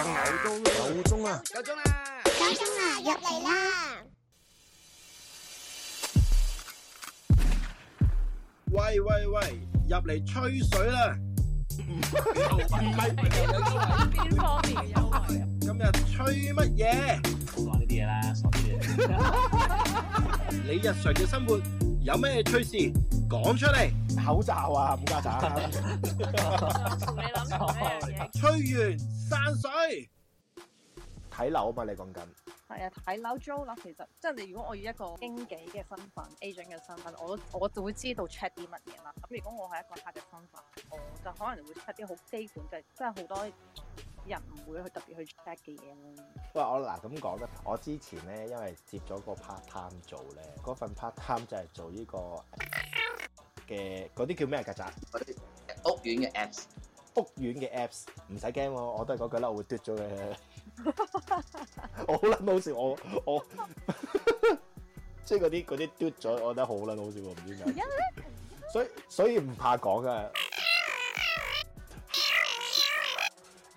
夠鐘啊！夠鐘啊！夠鐘啊！入嚟啦！喂喂喂！入嚟吹水啦！唔係邊方面嘅優惠啊？今日吹乜嘢？冇講呢啲嘢啦，傻啲嚟！你日常嘅生活。有咩趣事，講出嚟？口罩啊，冚家鏟，你諗 吹完散水，睇樓啊嘛？你講緊係啊，睇樓 Jo 呢？其實即係你，如果我以一個經紀嘅身份，agent 嘅身份，我我就會知道 check 啲乜嘢啦。咁如果我係一個客嘅方法，我就可能會 check 啲好基本，即係係好多。人唔會去特別去 check 嘅嘢咯。喂，我嗱咁講咧，我之前咧因為接咗個 part time 做咧，嗰份 part time 就係做呢、呢個嘅嗰啲叫咩曱甴？啲屋苑嘅 apps，屋苑嘅 apps，唔使驚喎，我都係嗰句啦，我會嘟咗嘅。我好撚好笑，我我即係嗰啲嗰啲嘟咗， 我覺得好撚好笑喎，唔知點解。 所以所以唔怕講啊！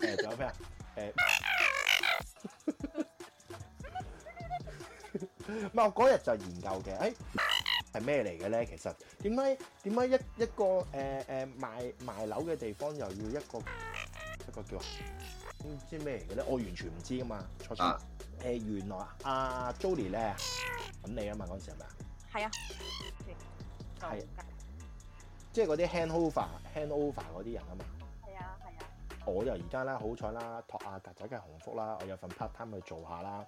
誒仲有咩啊？誒唔係我嗰日就研究嘅，誒係咩嚟嘅咧？其實點解點解一一個誒誒賣賣樓嘅地方又要一個一個叫唔知咩嚟嘅咧？我完全唔知噶嘛，初初誒原來阿 Jolie 咧揾你啊嘛，嗰陣時係咪啊？係啊，係即係嗰啲 handover handover 嗰啲人啊嘛。我就而家啦，好彩啦，托阿格仔嘅洪福啦，我有份 part time 去做下啦，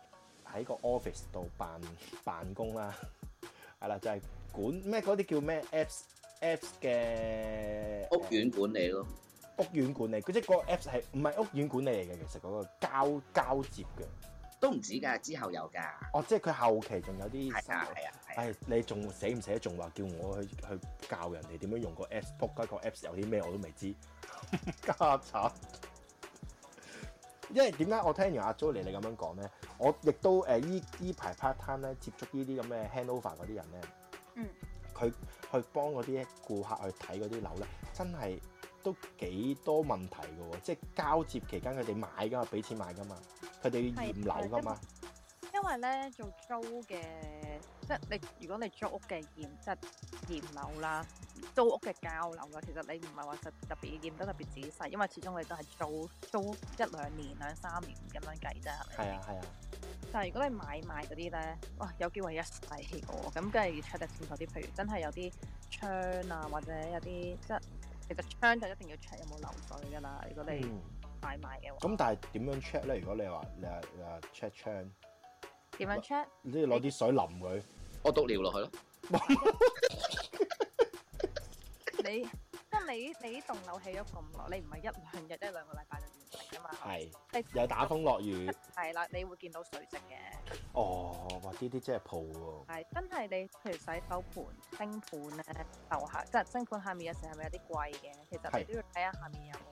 喺個 office 度辦辦公啦，係 啦，就係、係、管咩嗰啲叫咩 apps apps 嘅、啊、屋苑管理咯，屋苑管理即係個 apps 係唔係屋苑管理嚟嘅？其實嗰個交交接嘅。都唔止㗎，之後有㗎。哦，即係佢後期仲有啲係啊係啊，係、哎、你仲寫唔寫？仲話叫我去去教人哋點樣用個 Apps，嗰個 Apps 有啲咩我都未知。家產，因為點解我聽完阿 Jolie 你咁樣講咧，我亦都誒依依排 part time 咧接觸呢啲咁嘅 handover 嗰啲人咧，嗯，佢去幫嗰啲顧客去睇嗰啲樓咧，真係都幾多問題㗎喎，哦！即係交接期間佢哋買㗎嘛，俾錢買㗎嘛。佢哋驗樓噶嘛？因為咧做租嘅，即係你如果你租屋嘅驗即係驗樓啦，租屋嘅交樓啦，其實你唔係話特特別要驗得特別仔細，因為始終你都係租租一兩年兩三年咁樣計啫，係咪？係啊係啊！但係如果你買賣嗰啲咧，哇、哦、有機會一世嘅喎，咁梗係 check 得清楚啲。譬如真係有啲窗啊，或者有啲即係其實窗就一定要 check 有冇漏水㗎啦。如果你，嗯咁但係點樣 check 咧？如果你話誒誒 check 窗，點樣 check？你攞啲水淋佢，我倒尿落去咯。你即係你你依棟樓起咗咁耐，你唔係一兩日、一兩個禮拜就完事噶嘛？係。又打風落雨。係啦，你會見到水跡嘅。哦，哇！呢啲真係蒲喎。係真係你，譬如洗手盆、星盆咧，樓下即係星盆下面有時係咪有啲貴嘅？其實你都要睇下下面有。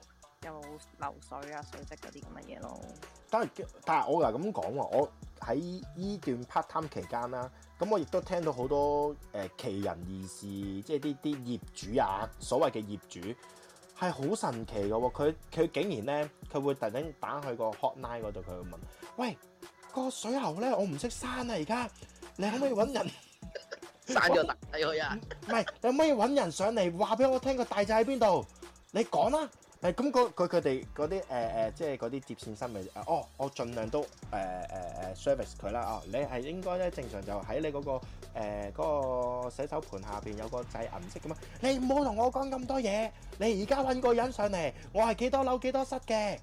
有冇流水啊、水積嗰啲咁嘅嘢咯。但係，但係我嗱咁講我喺依段 part time 期間啦，咁我亦都聽到好多誒、呃、奇人異事，即係啲啲業主啊，所謂嘅業主係好神奇嘅喎。佢佢竟然咧，佢會突然打去個 hotline 嗰度，佢會問：，喂，個水喉咧，我唔識閂啊，而家你可唔可以揾人閂咗？係佢啊！唔係，你可唔可以揾 人上嚟話俾我聽、個大掣喺邊度？你講啦。誒咁佢佢哋嗰啲誒誒，即係嗰啲接線生咪哦，我盡量都誒誒誒 service 佢啦啊！你係應該咧正常就喺你嗰、嗰個誒、呃嗰個、洗手盆下邊有個掣銀色㗎嘛。你唔好同我講咁多嘢，你而家揾個人上嚟，我係幾多樓幾多室嘅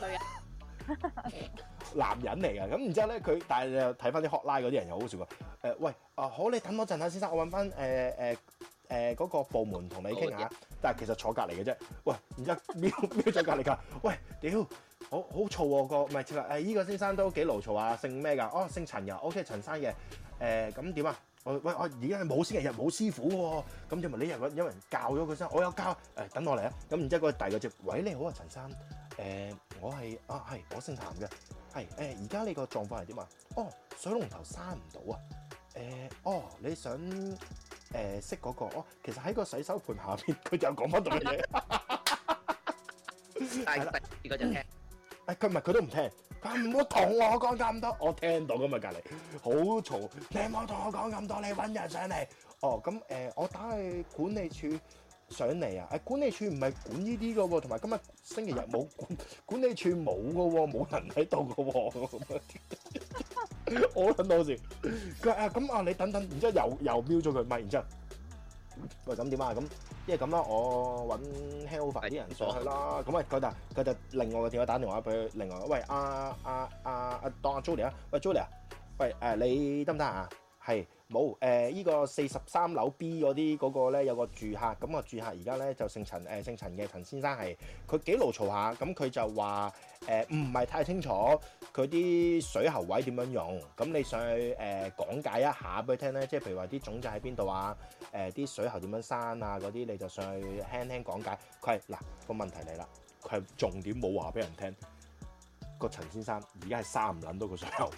女啊人， 男人嚟噶！咁然之後咧，佢但係你又睇翻啲 hotline 嗰啲人又好笑喎誒、呃、喂啊、呃、好，你等我陣下先生，我揾翻誒誒誒嗰個部門同你傾下。好 但係其實坐隔離嘅啫，喂，然之後瞄瞄咗隔離架，喂，屌，好好嘈喎、啊、個，唔係，誒、這、依個先生都幾嘈嘈啊，姓咩噶？哦，姓陳嘅，OK，哦、陳生嘅，誒咁點啊？我喂我而家係冇師爺、啊啊、又冇師傅喎，咁就咪你日有人教咗佢先。我有教，誒、欸、等我嚟啊。咁然之後嗰個第二隻，喂，你好啊陳生，誒、呃、我係啊係，我姓譚嘅，係誒而家你個狀況係點啊？哦，水龍頭閂唔到啊，誒、呃、哦你想。誒識嗰個哦，其實喺個洗手盆下邊，佢就講翻啲嘢。係啦，而家就聽。誒佢唔係佢都唔聽，佢唔好同我講咁多，我聽到噶嘛隔離，好嘈。你唔好同我講咁多，你揾人上嚟。哦，咁誒我打去管理處上嚟啊！誒管理處唔係管呢啲噶喎，同埋今日星期日冇管理處冇噶喎，冇人喺度噶喎。 我等到時，佢啊，咁啊，你等等，然之後又又瞄咗佢，咪然之後，後，喂咁點啊？咁因係咁啦，我搵 helper 啲人上去啦。咁喂佢但佢就另外個電話打電話俾另外個，喂啊，啊，啊，啊，當阿 Julia 啊，喂 Julia 喂，誒你得唔得啊？係。冇，誒依、呃這個四十三樓 B 嗰啲嗰個咧有個住客，咁、那、啊、個、住客而家咧就姓陳，誒、呃、姓陳嘅陳先生係，佢幾勞嘈下，咁、嗯、佢就話誒唔係太清楚佢啲水喉位點樣用，咁、嗯、你上去誒講、呃、解一下俾佢聽咧，即係譬如話啲總掣喺邊度啊，誒、呃、啲水喉點樣閂啊嗰啲你就上去輕輕講解。佢係嗱個問題嚟啦，佢係重點冇話俾人聽，那個陳先生而家係三撚多個水喉。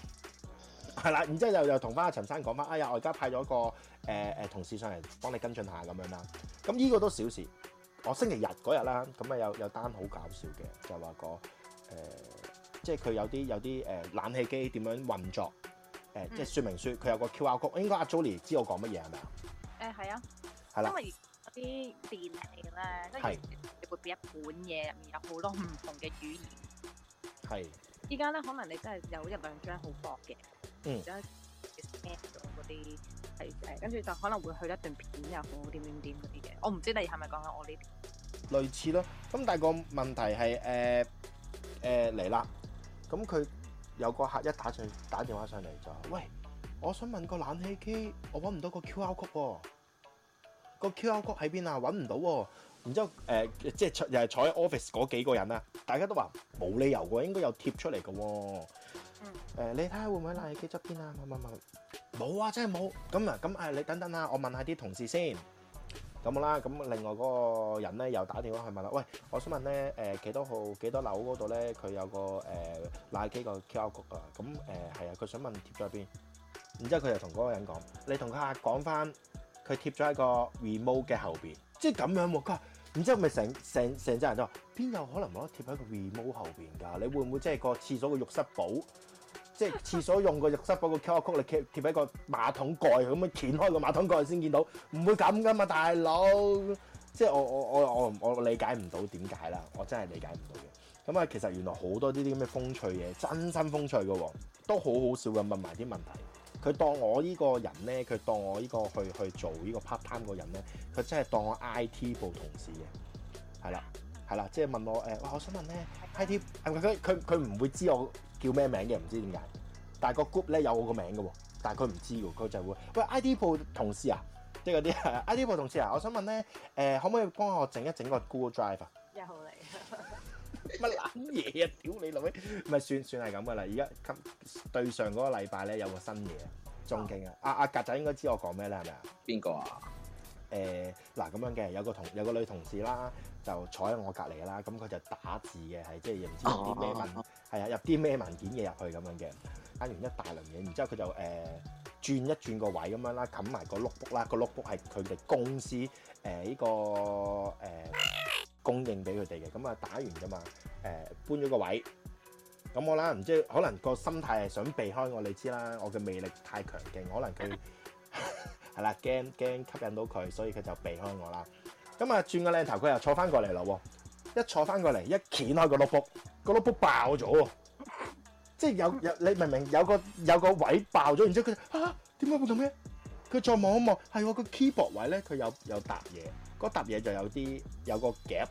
係啦，然之後又就同翻阿陳生講翻，哎呀，我而家派咗個誒誒、呃、同事上嚟幫你跟進下咁樣啦。咁呢個都小事。我星期日嗰日啦，咁啊有有單好搞笑嘅，就話個誒、呃，即係佢有啲有啲誒、呃、冷氣機點樣運作，誒、呃、即係說明書，佢、嗯、有個 QR code。應該阿 Jolie 知我講乜嘢係咪啊？誒係啊。係啦，因為啲電器咧，即係你會畀一本嘢入面有好多唔同嘅語言。係的。依家咧，的可能你真係有一兩張好薄嘅。嗯，跟住就可能會去一段片又好，點點點嗰啲嘅。我唔知你係咪講緊我呢啲？類似咯，咁但係個問題係誒誒嚟啦，咁、呃、佢、呃、有個客一打上打電話上嚟，就喂，我想問個冷氣機，我揾唔到個 Q R 曲喎，個 Q R 曲喺邊啊？揾唔到喎、哦。然之後，誒即係坐又係坐喺 office 嗰幾個人啊，大家都話冇理由嘅，應該有貼出嚟嘅喎。誒，你睇下會唔會喺賴機側邊啊？問問問，冇啊，真係冇。咁啊，咁誒，你等等啊，我問下啲同事先。咁好啦，咁另外嗰個人咧又打電話去問啦。喂，我想問咧誒幾多號幾多樓嗰度咧？佢有個誒賴機個 QR code 啊。咁誒係啊，佢想問貼咗喺邊。然之後佢就同嗰個人講：你同佢講翻，佢貼咗喺個 remote 嘅後邊，即係咁樣喎。佢。然之後咪成成成陣人都話邊有可能冇得貼喺個 remote 後邊㗎？你會唔會即係個廁所個浴室寶，即係廁所用個浴室寶個 cover 嚟貼貼喺個馬桶蓋咁樣掀開個馬桶蓋先見到？唔會咁㗎嘛，大佬，即係我我我我我理解唔到點解啦。我真係理解唔到嘅。咁啊，其實原來好多呢啲咁嘅風趣嘢，真心風趣嘅喎，都好好笑嘅。問埋啲問題。佢當我呢個人咧，佢當我呢個去去做呢個 part time 嗰人咧，佢真係當我 IT 部同事嘅，係啦，係啦，即係問我誒、呃，我想問咧，IT 佢佢佢唔會知我叫咩名嘅，唔知點解，但係個 group 咧有我個名嘅喎，但係佢唔知喎，佢就會喂 IT 部同事啊，即係嗰啲 IT 部同事啊，我想問咧，誒、呃，可唔可以幫我整一整個 Google Drive 啊？乜撚嘢啊！屌你老味，唔係 算算係咁嘅啦。而家今對上嗰個禮拜咧，有個新嘢，仲勁啊！阿阿格仔應該知我講咩咧，係咪啊？邊個啊？誒嗱咁樣嘅，有個同有個女同事啦，就坐喺我隔離啦。咁、嗯、佢就打字嘅，係即係唔知入啲咩文，係啊，啊，啊，啊入啲咩文件嘅入去咁樣嘅，打完一大輪嘢，然之後佢就誒轉、呃、一轉個位咁樣啦，撳埋個碌 book 啦，個碌 book 係佢哋公司誒依、呃這個誒。呃這個呃呃這個呃供應俾佢哋嘅，咁啊打完㗎嘛，誒、呃、搬咗個位，咁、嗯、我可唔知，可能個心態係想避開我，你知啦，我嘅魅力太強勁，可能佢係 啦，驚驚吸引到佢，所以佢就避開我啦。咁、嗯、啊轉個靚頭，佢又坐翻過嚟啦喎，一坐翻過嚟一掀開個 notebook，個 notebook 爆咗，即係有有你明明有個有個位爆咗，然之後佢啊點解會咁咩？佢再望一望，係我、啊、個 keyboard 位咧，佢有有揼嘢。嗰沓嘢就有啲有個夾，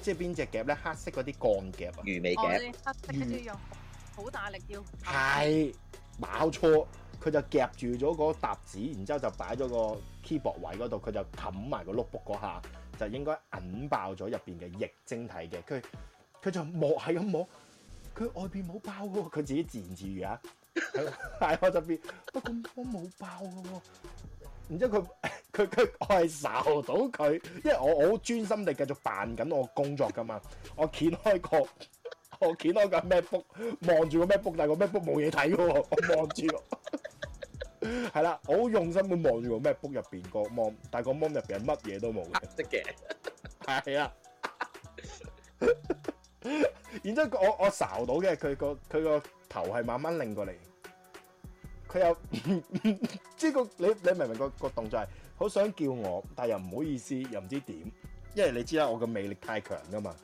即係邊隻夾咧？黑色嗰啲鋼夾啊，魚尾夾，用魚好大力要係爆、哎、錯，佢就夾住咗嗰沓紙，然之後就擺咗個 keyboard 位嗰度，佢就冚埋個碌卜嗰下，就應該壓爆咗入邊嘅液晶體嘅，佢佢就摸係咁摸，佢外邊冇爆喎，佢自己自言自語啊，係 我就變，不咁我冇爆噶喎。然之後佢佢佢我係睄到佢，因為我我好專心地繼續扮緊我工作㗎嘛，我掀開個我掀開個 MacBook，望住個 MacBook，但個 MacBook 冇嘢睇嘅喎，我望住喎，係 我好用心咁望住個 MacBook 入邊個 m o 但個 m o 入入邊乜嘢都冇嘅，即嘅，係啊，然之後我我睄到嘅，佢個佢個頭係慢慢擰過嚟。佢又呢個，你你明唔明個個動作係好想叫我，但係又唔好意思，又唔知點，因為你知啦，我嘅魅力太強㗎嘛。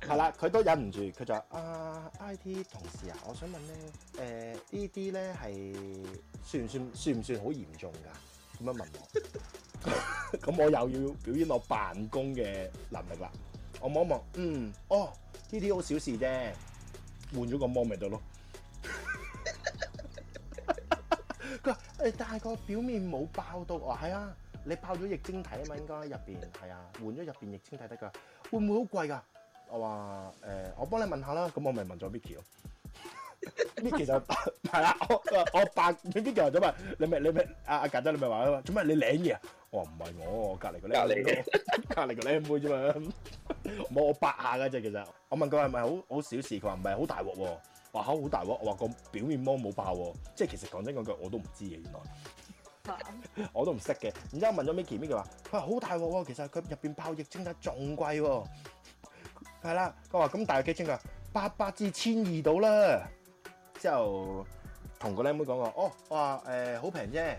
係 啦，佢都忍唔住，佢就話：啊，IT 同事啊，我想問咧，誒、呃、呢啲咧係算唔算算唔算好嚴重㗎？咁樣問我，咁 我又要表演我辦公嘅能力啦。我望一望，嗯，哦，呢啲好小事啫。換咗個芒咪得咯。佢話誒，但係個表面冇爆到，哦，係啊，你爆咗液晶體啊嘛，應該入邊係啊，換咗入邊液晶體得㗎。會唔會好貴㗎？我話誒、欸，我幫你問下啦。咁我咪問咗 Vicky 咯。Vicky 就係啦，我我扮 Vicky 就話咗嘛，你咪你咪阿阿簡仔，你咪話啊嘛，做咩你領嘢啊？我話唔係我，隔離個靚，隔離隔離個靚妹啫嘛。冇， 我八下噶啫。其實我問佢係咪好好小事，佢話唔係好大鑊喎。話嚇好大鑊，我話個表面膜冇爆喎。即係其實講真講句，我都唔知嘅原來。我都唔識嘅。然之後問咗 Micky Micky，佢話：佢話好大鑊喎。其實佢入邊爆液晶得仲貴喎。係啦，佢話咁大約幾錢㗎？八百至千二度啦。之後同個僆妹講話：哦，我話誒好平啫，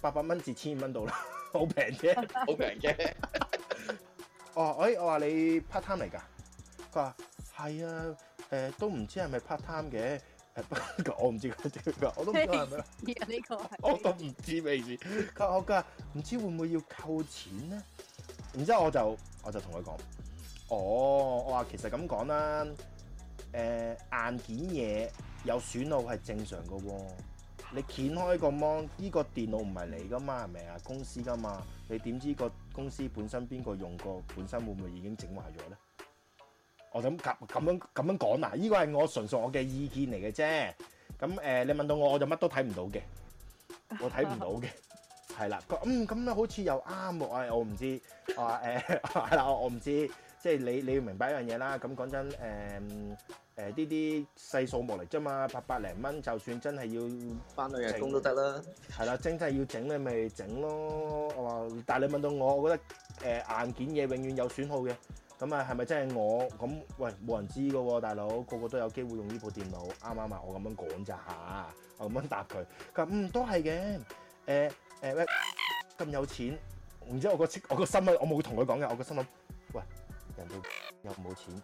八百蚊至千五蚊度啦，好平啫，好平啫。 哦，誒我話你 part time 嚟㗎，佢話係啊，誒、呃、都唔知係咪 part time 嘅誒、哎，我唔知佢點㗎，我都唔知係咪呢個係 我都唔知咩事。佢 我佢話唔知會唔會要扣錢咧？然之後我就我就同佢講，哦，我話其實咁講啦，誒、呃、硬件嘢有損耗係正常嘅喎、哦。你掀開個芒，呢、呢個電腦唔係你㗎嘛，係咪啊公司㗎嘛，你點知、這個？公司本身邊個用過，本身會唔會已經整壞咗咧？我諗咁咁樣咁樣講啊，呢個係我純屬我嘅意見嚟嘅啫。咁誒、呃，你問到我，我就乜都睇唔到嘅，我睇唔到嘅，係啦。 嗯，咁咧好似又啱喎。啊，我唔知啊誒，係、哎、啦，我我唔知。啊哎哎哎即係你你要明白一樣嘢啦，咁講真誒誒呢啲細數目嚟啫嘛，八百零蚊就算真係要翻去日工都得啦。係啦， 真真係要整咧，咪、就、整、是、咯。我話，但係你問到我，我覺得誒、呃、硬件嘢永遠有損耗嘅，咁啊係咪真係我？咁喂，冇人知㗎喎，大佬個個都有機會用呢部電腦，啱啱啊？我咁樣講咋嚇？我咁樣答佢，佢話嗯都係嘅。誒誒喂，咁、呃呃、有錢，唔知我個我個心啊，我冇同佢講嘅，我個心諗，喂。人哋又冇錢，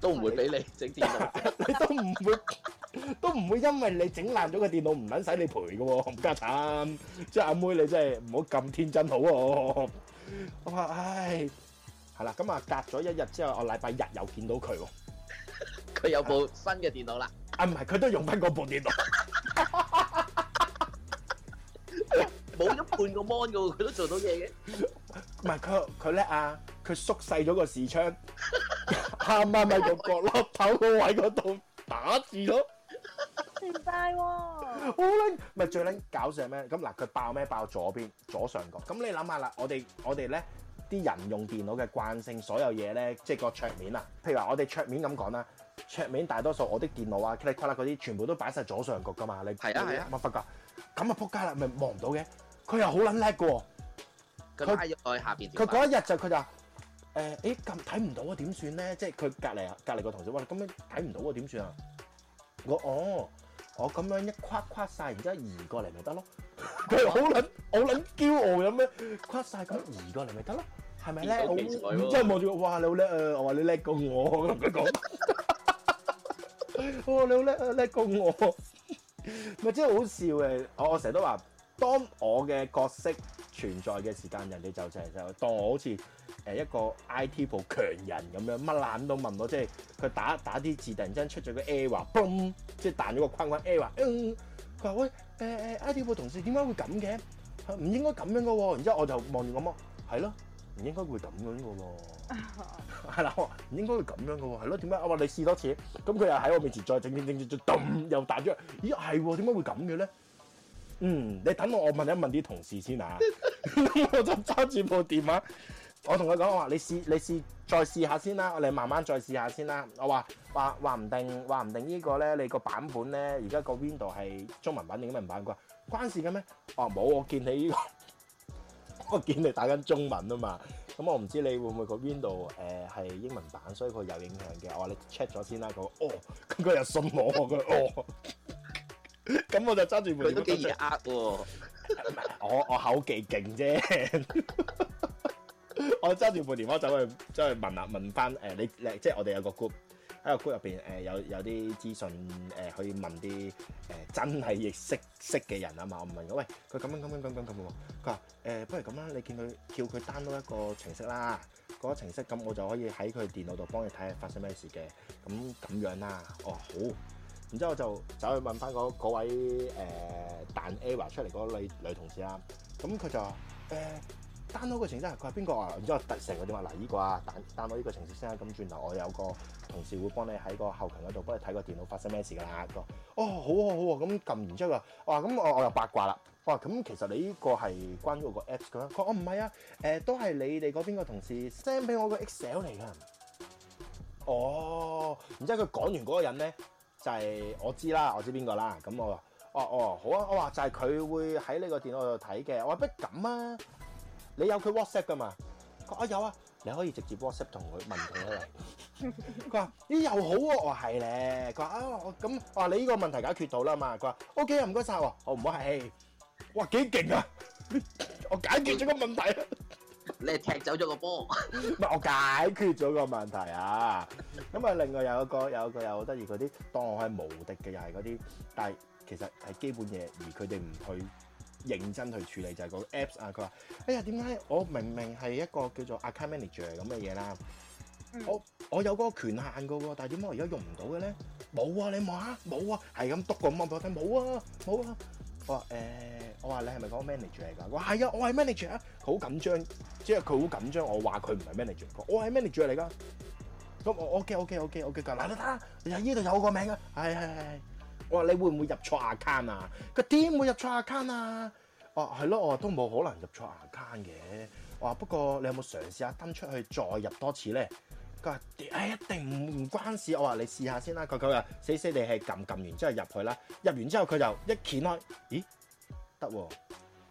都唔會俾你整電腦，你都唔會，都唔會因為你整爛咗個電腦唔撚使你賠㗎喎，冚家鏟，即係阿妹你真係唔好咁天真好喎。我話唉，係啦，咁啊隔咗一日之後，我禮拜日又見到佢喎，佢有部新嘅電腦啦。啊唔係，佢都用翻嗰部電腦，冇咗半個 mon 㗎喎，佢都做到嘢嘅。唔係佢佢叻啊！佢縮細咗個視窗，啱啱咪個角落頭嗰位嗰度打字咯。算晒喎，好撚咪最撚搞笑咩？咁嗱佢爆咩？爆左邊左上角。咁你諗下啦，我哋我哋咧啲人用電腦嘅慣性，所有嘢咧即係個桌面啊。譬如話我哋桌面咁講啦，桌面大多數我啲電腦啊、clicker 啦嗰啲，全部都擺曬左上角噶嘛。你係啊係啊，我發覺咁啊撲街啦，咪望唔到嘅。佢又好撚叻嘅喎。佢擺喺下邊。佢嗰一日就佢就。誒，誒咁睇唔到啊？點算咧？即係佢隔離隔離個同事，哇！咁樣睇唔到啊？點算啊？我，哦，我咁樣一跨跨曬，然之後移過嚟咪得咯。佢好撚好撚驕傲咁樣，跨曬咁移過嚟咪得咯？係咪咧？即係望住佢，哇！你好叻啊！我話你叻過我，我同佢講。我話你好叻啊！叻過我，咪真係好笑嘅。我成日都話，當我嘅角色存在嘅時間，人哋就就就當我好似。誒一個 IT 部強人咁樣乜撚都問到，即係佢打打啲字突然間出咗個 error，boom 即係彈咗個框框 error 佢話：喂，誒、欸、誒、欸欸、IT 部同事點解會咁嘅？唔應該咁樣噶喎。然之後我就望住我媽，係咯，唔應該會咁樣噶喎。係啦， 唔應該會咁樣噶喎。係咯，點解？我話你試多次，咁佢又喺我面前再整，整，整，整，又彈咗。咦，係喎，點解會咁嘅咧？嗯，你等我，我問一問啲同事先啊。 我就揸住部電話。我同佢講話，你試你試再試下先啦，我哋慢慢再試下先啦。我話話話唔定話唔定個呢個咧，你個版本咧，而家個 Window 係中文版定英文版？佢話關事嘅咩？我話冇，我見你呢、這個，我見你打緊中文啊嘛。咁、嗯、我唔知你會唔會個 Window 誒、呃、係英文版，所以佢有影響嘅。我話你 check 咗先啦。佢話哦，咁佢又信我，佢 哦。咁我就揸住部。佢都機器呃喎。我我口技勁啫。ratchet Lust Machine 我揸住部電話走去走去問啊，問翻誒，你即係我哋有個 group，喺個 group 入邊誒有有啲資訊誒，可以問啲誒真係識識嘅人啊嘛。我唔問佢，喂，佢咁樣咁樣咁咁咁喎。佢話誒，不如咁啦，你見佢叫佢 download 一個程式啦，嗰個程式，咁我就可以喺佢電腦度幫你睇下發生咩事嘅，咁咁樣啦。哦好，然之後我就走去問翻嗰位誒彈 error 出嚟嗰個女女同事啦。咁佢就誒。download 個程式佢係邊個啊？然之後突成個電話嗱、這個，呢個啊 down 到依個程式先啦。咁轉頭我有個同事會幫你喺個後勤嗰度幫你睇個電腦發生咩事㗎啦。哦，好好好，咁撳完之後，啊、哦，話咁我我又八卦啦。我話咁其實你呢個係關於我個 app 嘅咩？佢，我唔係啊，誒都係你哋嗰邊個同事 send 俾我個 excel 嚟㗎。哦，然之後佢講完嗰個人咧就係、是，我知啦，我知邊個啦。咁我哦哦好啊，我話就係佢會喺呢個電腦度睇嘅。我話不咁啊？你有佢 WhatsApp 㗎嘛？佢話有啊，你可以直接 WhatsApp 同佢問佢啊。佢話咦又好喎，我係咧。佢話啊咁，哇你呢個問題解決到啦嘛。佢話 OK 啊，唔該曬喎，好唔好係？哇幾勁啊！我解決咗個問題。你踢走咗個波。唔係我解決咗個問題啊。咁啊，另外有一個有一個又好得意嗰啲，當我係無敵嘅又係嗰啲，但係其實係基本嘢，而佢哋唔去。認真去處理就係個 apps 啊！佢話：哎呀，點解我明明係一個叫做 account manager 咁嘅嘢啦？我我有嗰個權限嘅喎，但係點解我而家用唔到嘅咧？冇啊！你望下，冇啊！係咁篤個芒俾我睇冇啊，冇啊！我話誒，我話你係咪講 manager 嚟㗎？我話係啊，我係 manager 啊！佢好緊張，即係佢好緊張。我話佢唔係 manager 嚟嘅，我係 manager 嚟㗎。咁我 ok，ok，ok，ok 㗎。嗱你睇下，你喺呢度有個名啊！係係係。我話你會唔會入錯 account 啊？佢點會入錯 account 啊？哦，係咯，我都冇可能入錯 account 嘅。我話不過你有冇嘗試下登出去再入多次咧？佢話：，誒、哎、一定唔關事。我話你試下先啦。佢佢又死死地係撳，撳完之後入去啦。入完之後佢就一掀開，咦？得喎、啊。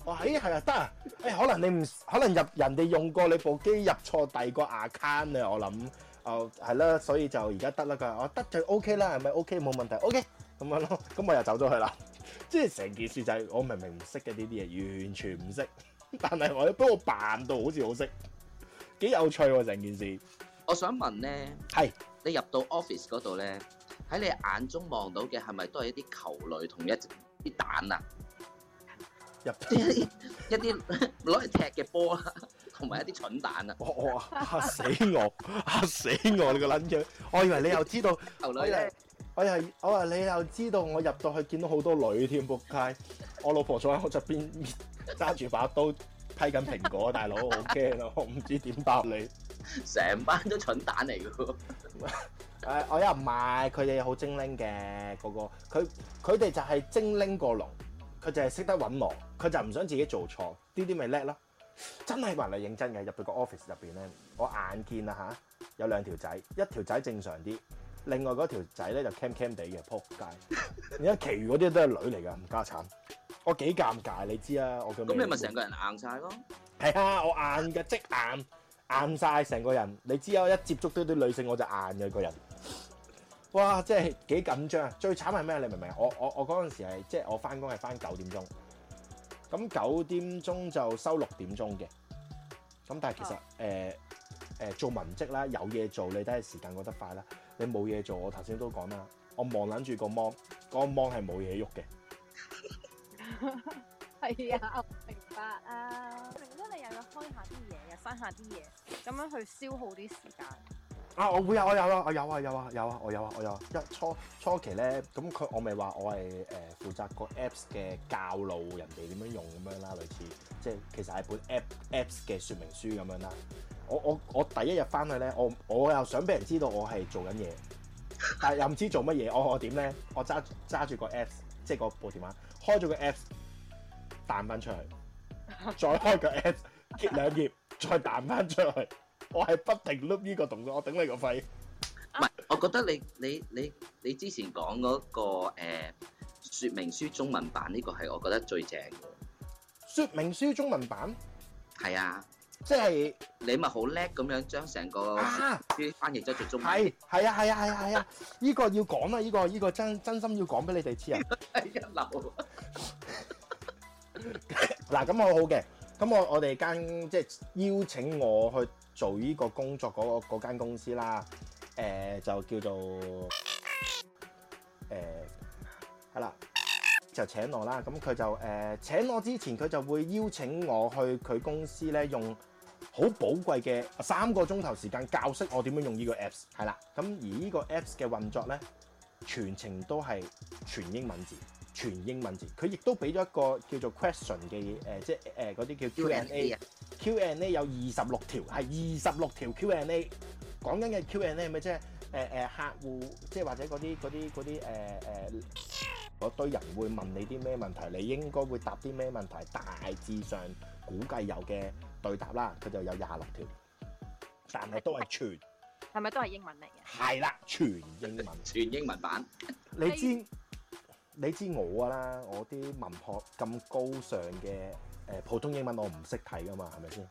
我話：，係、哎、啊，得啊。誒、哎、可能你唔可能入人哋用過你部機入錯第二個 account 咧。我諗，哦係啦，所以就而家得啦。佢話：，我得就 O K 啦，係咪 O K？冇問題，O K。OK 咁樣咯，咁我又走咗去啦。即係成件事就係我明明唔識嘅呢啲嘢，完全唔識，但係我都俾我扮到好似好識，幾有趣喎成件事。我想問咧，係你入到 office 嗰度咧，喺你眼中望到嘅係咪都係一啲球類同一啲蛋啊？入即係一啲攞嚟踢嘅波啦，同埋一啲蠢蛋啊！嚇死我！嚇死我！你個撚樣，我以為你又知道球類咧。我又我話你又知道我入到去見到好多女添，仆街！我老婆坐喺我側邊揸住把刀批緊蘋果大佬，OK, 我好驚咯，我唔知點答你。成班都蠢蛋嚟㗎喎，誒我又唔係，佢哋好精靈嘅，個個佢佢哋就係精靈過龍，佢就係識得揾我，佢就唔想自己做錯，呢啲咪叻咯。真係話你認真嘅，入到個 office 入邊咧，我眼見啊嚇有兩條仔，一條仔正常啲。另外嗰條仔咧就 cam cam 地嘅，仆街。而家 其餘嗰啲都係女嚟㗎，唔家產。我幾尷尬，你知啊？我叫咁你咪成個人硬晒咯。係啊，我硬嘅，即硬硬晒成個人。你知我一接觸到啲女性，我就硬嘅個人。哇，即係幾緊張啊！最慘係咩？你明唔明？我我我嗰陣時係即係我翻工係翻九點鐘，咁九點鐘就收六點鐘嘅。咁但係其實誒誒、oh. 呃呃呃、做文職啦，有嘢做你都係時間過得快啦。你冇嘢做，我頭先都講啦。我望撚住個芒，嗰個 mon 係冇嘢喐嘅。係啊， 我明白啊。明哥，你又有開下啲嘢嘅，閂下啲嘢，咁樣去消耗啲時間。啊，我會有、啊，我有啊，我有啊，有啊，有啊，我有啊，我有、啊。一、啊、初初期咧，咁佢我咪話我係誒負責個 apps 嘅教路，人哋點樣用咁樣啦，類似即係其實係一本 app apps 嘅説明書咁樣啦。我我我第一日翻去咧，我我又想俾人知道我係做緊嘢，但係又唔知做乜嘢，我我點咧？我揸揸住個 app，即係個部電話，開咗個 app，彈翻出去，再開個 app，揭兩頁，再彈翻出去，我係不停碌呢個動作，我頂你個肺。唔係，我覺得你你你你之前講嗰個誒說明書中文版呢個係我覺得最正嘅。說明書中文版？係啊。即係你咪好叻咁樣將成個書翻譯咗做中文。係係啊係啊係啊係啊！呢個要講啦，呢個呢個真真心要講俾你哋知啊！一流。嗱咁好好嘅，咁我我哋間即係邀請我去做呢個工作嗰個嗰間公司啦。誒就叫做誒係啦，就請我啦。咁佢就誒請我之前，佢就會邀請我去佢公司咧用。好寶貴嘅三個鐘頭時，時間教識我點樣用呢個 apps，係啦。咁而呢個 apps 嘅運作咧，全程都係全英文字，全英文字。佢亦都俾咗一個叫做 question 嘅誒、呃，即係誒嗰啲叫 Q&A 啊。Q&A 有二十六條，係二十六條 Q&A。講緊嘅 Q&A 係咪即係誒誒客戶，即係或者嗰啲啲啲誒誒嗰堆人會問你啲咩問題，你應該會答啲咩問題？大致上。估計有嘅對答啦，佢就有廿六條，但係都係全，係咪都係英文嚟嘅？係啦，全英文，全英文版。你知你知我啊啦，我啲文學咁高尚嘅誒普通英文我唔識睇噶嘛，係咪先？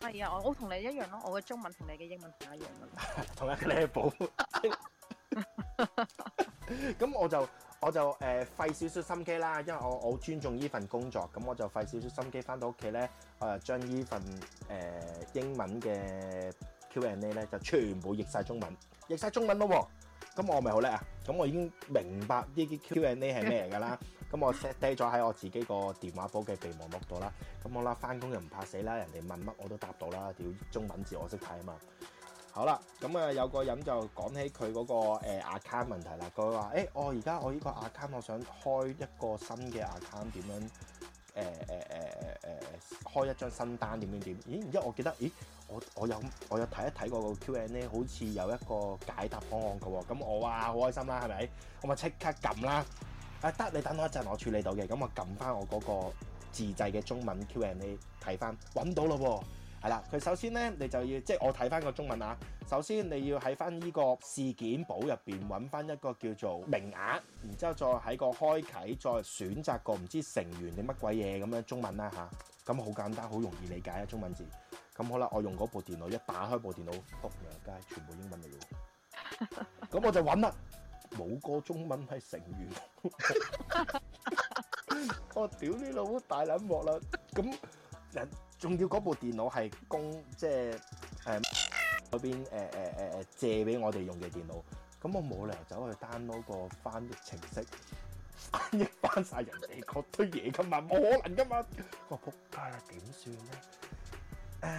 係啊，我同你一樣咯，我嘅中文同你嘅英文係一樣嘅，同一個 level。咁我就。我就誒費少少心機啦，因為我我好尊重呢份工作，咁我就費少少心機翻到屋企咧，我誒將呢份誒、呃、英文嘅 Q&A 咧就全部譯晒中文，譯晒中文咯喎，咁我咪好叻啊！咁我已經明白呢啲 Q&A 係咩嚟㗎啦，咁我 set 低咗喺我自己個電話簿嘅備忘錄度啦，咁我啦翻工又唔怕死啦，人哋問乜我都答到啦，屌中文字我識睇啊嘛！好啦，咁啊有個人就講起佢嗰個 account 問題啦。佢話：誒、欸哦、我而家我呢個 account 我想開一個新嘅 account 點樣？誒誒誒誒誒，開一張新單點點點？咦，而家我記得，咦我我有我有睇一睇嗰個 Q&A，好似有一個解答方案嘅喎。咁我話好開心啦、啊，係咪？我咪即刻撳啦！啊得，你等我一陣，我處理到嘅。咁我撳翻我嗰個自製嘅中文 Q&A 睇翻，揾到啦喎、啊！係啦，佢首先咧，你就要即係我睇翻個中文啊。首先你要喺翻呢個事件簿入邊揾翻一個叫做名額，然之後再喺個開啓再選擇個唔知成員定乜鬼嘢咁樣中文啦吓，咁、啊、好簡單，好容易理解啊，中文字。咁好啦，我用嗰部電腦一打開部電腦，撲兩街梗係全部英文嚟嘅。咁我就揾啦，冇個中文係成員。我屌你老母大撚鑊啦！咁人。仲要嗰部電腦係供即係誒嗰邊誒誒誒借俾我哋用嘅電腦，咁我冇理由走去 download 個翻譯程式，翻譯翻晒人哋嗰堆嘢噶嘛，冇可能噶嘛！我話撲街啊，點算咧？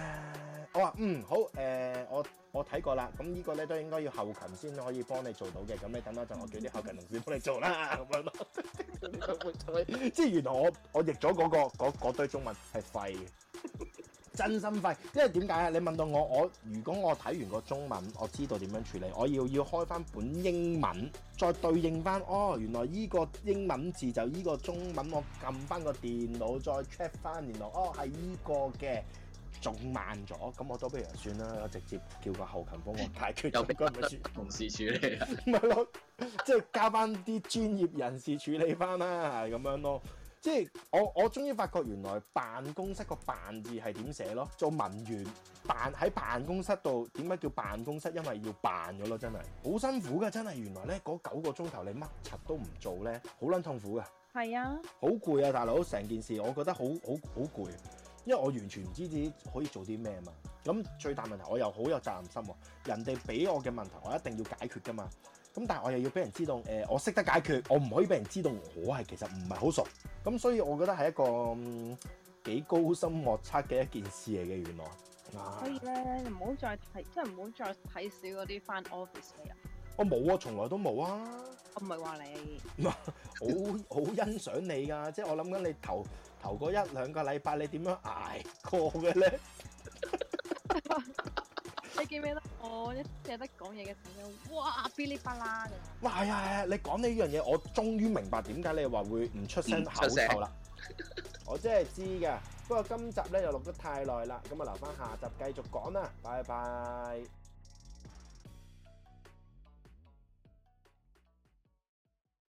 誒，我話嗯好誒，我我睇過啦，咁呢個咧都應該要後勤先可以幫你做到嘅，咁你等多就我叫啲後勤同事幫你做啦啊，咁樣咯。即係原來我我譯咗嗰個嗰堆中文係廢嘅。 真心廢，因為點解啊？你問到我，我如果我睇完個中文，我知道點樣處理，我要要開翻本英文，再對應翻，哦，原來呢個英文字就依個中文，我撳翻、哦、個電腦再 check 翻，原來哦係呢個嘅，仲慢咗，咁我都不如就算啦，我直接叫個後勤幫我解決，同 事處理唔係咯，即係 加翻啲專業人士處理翻啦，係咁樣咯。即係我我終於發覺原來辦公室個辦字係點寫咯？做文員辦喺辦公室度點解叫辦公室？因為要辦咗咯，真係好辛苦噶，真係原來咧嗰九個鐘頭你乜柒都唔做咧，好撚痛苦噶。係啊，好攰啊，大佬，成件事我覺得好好好攰，因為我完全唔知自己可以做啲咩嘛。咁最大問題我又好有責任心啊，人哋俾我嘅問題我一定要解決㗎嘛。咁但係我又要俾人知道，誒、呃，我識得解決，我唔可以俾人知道我係其實唔係好熟。咁所以我覺得係一個、嗯、幾高深莫測嘅一件事嚟嘅，原來。所以咧，唔好、啊、再睇，即係唔好再睇少嗰啲返 office 嘅人。我冇啊，啊，從來都冇啊。我唔係話你。唔係 好好欣賞你㗎，即係我諗緊你頭 頭嗰一兩個禮拜你點樣捱過嘅咧？ 記咩咧？我一捨得講嘢嘅時候就，哇，嗶哩啪啦嘅。哇，係啊係啊！你講呢樣嘢，我終於明白點解你話會唔出聲口臭啦。嗯、 我真係知㗎，不過今集咧又錄得太耐啦，咁啊留翻下集繼續講啦，拜拜。